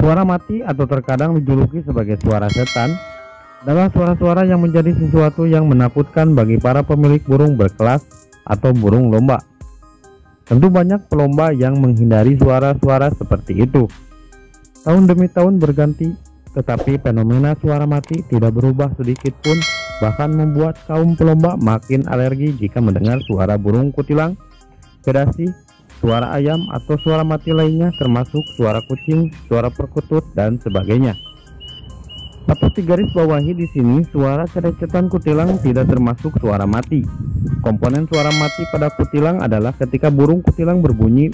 Suara mati atau terkadang dijuluki sebagai suara setan adalah suara-suara yang menjadi sesuatu yang menakutkan bagi para pemilik burung berkelas atau burung lomba. Tentu banyak pelomba yang menghindari suara-suara seperti itu. Tahun demi tahun berganti, tetapi fenomena suara mati tidak berubah sedikit pun, bahkan membuat kaum pelomba makin alergi jika mendengar suara burung kutilang, kedasi, suara ayam atau suara mati lainnya termasuk suara kucing, suara perkutut dan sebagainya. Dapat garis bawahi di sini suara cerecetan kutilang tidak termasuk suara mati. Komponen suara mati pada kutilang adalah ketika burung kutilang berbunyi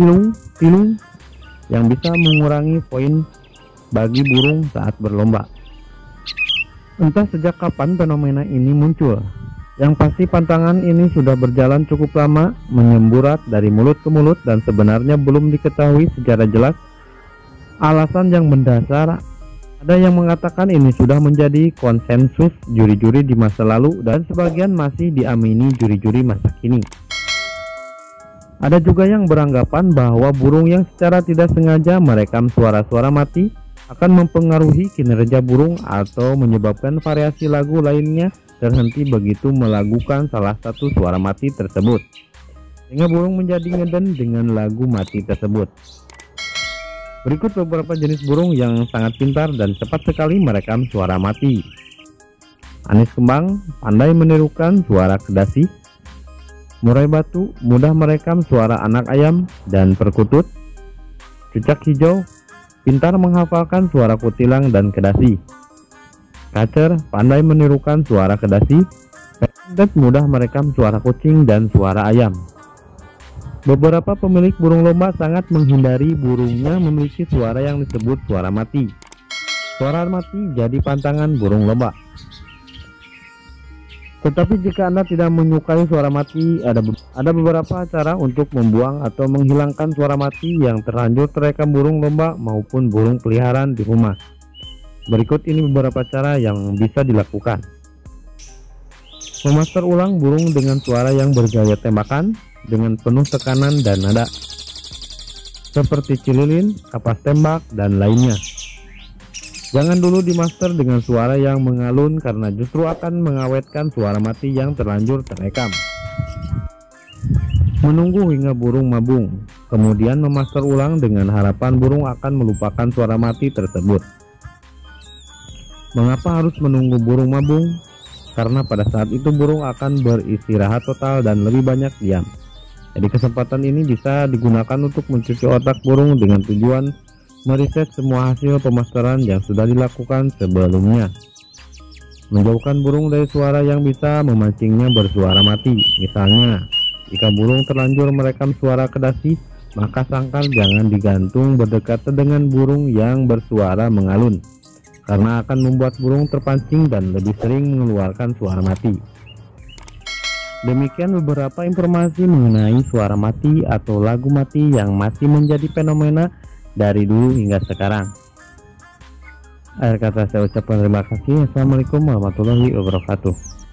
tilung tilung yang bisa mengurangi poin bagi burung saat berlomba. Entah sejak kapan fenomena ini muncul, yang pasti pantangan ini sudah berjalan cukup lama, menyemburat dari mulut ke mulut dan sebenarnya belum diketahui secara jelas alasan yang mendasar. Ada yang mengatakan ini sudah menjadi konsensus juri-juri di masa lalu dan sebagian masih diamini juri-juri masa kini. Ada juga yang beranggapan bahwa burung yang secara tidak sengaja merekam suara-suara mati akan mempengaruhi kinerja burung atau menyebabkan variasi lagu lainnya terhenti begitu melakukan salah satu suara mati tersebut. Sehingga burung menjadi ngeden dengan lagu mati tersebut. Berikut beberapa jenis burung yang sangat pintar dan cepat sekali merekam suara mati. Anis kembang pandai menirukan suara kedasi, murai batu mudah merekam suara anak ayam dan perkutut, cucak hijau pintar menghafalkan suara kutilang dan kedasi. Kacer pandai menirukan suara kedasi, dan mudah merekam suara kucing dan suara ayam. Beberapa pemilik burung lomba sangat menghindari burungnya memiliki suara yang disebut suara mati. Suara mati jadi pantangan burung lomba. Tetapi jika Anda tidak menyukai suara mati, ada be ada beberapa cara untuk membuang atau menghilangkan suara mati yang terlanjur terekam burung lomba maupun burung peliharaan di rumah. Berikut ini beberapa cara yang bisa dilakukan. Memaster ulang burung dengan suara yang bergaya tembakan dengan penuh tekanan dan nada. Seperti cililin, kapas tembak, dan lainnya. Jangan dulu dimaster dengan suara yang mengalun karena justru akan mengawetkan suara mati yang terlanjur terekam. Menunggu hingga burung mabung, kemudian memaster ulang dengan harapan burung akan melupakan suara mati tersebut. Mengapa harus menunggu burung mabung? Karena pada saat itu burung akan beristirahat total dan lebih banyak diam. Jadi kesempatan ini bisa digunakan untuk mencuci otak burung dengan tujuan meriset semua hasil pemasteran yang sudah dilakukan sebelumnya. Menjauhkan burung dari suara yang bisa memancingnya bersuara mati. Misalnya, jika burung terlanjur merekam suara kedasi, maka sangkal jangan digantung berdekatan dengan burung yang bersuara mengalun karena akan membuat burung terpancing dan lebih sering mengeluarkan suara mati. Demikian beberapa informasi mengenai suara mati atau lagu mati yang masih menjadi fenomena dari dulu hingga sekarang. Akhir kata saya ucapkan terima kasih. Assalamualaikum warahmatullahi wabarakatuh.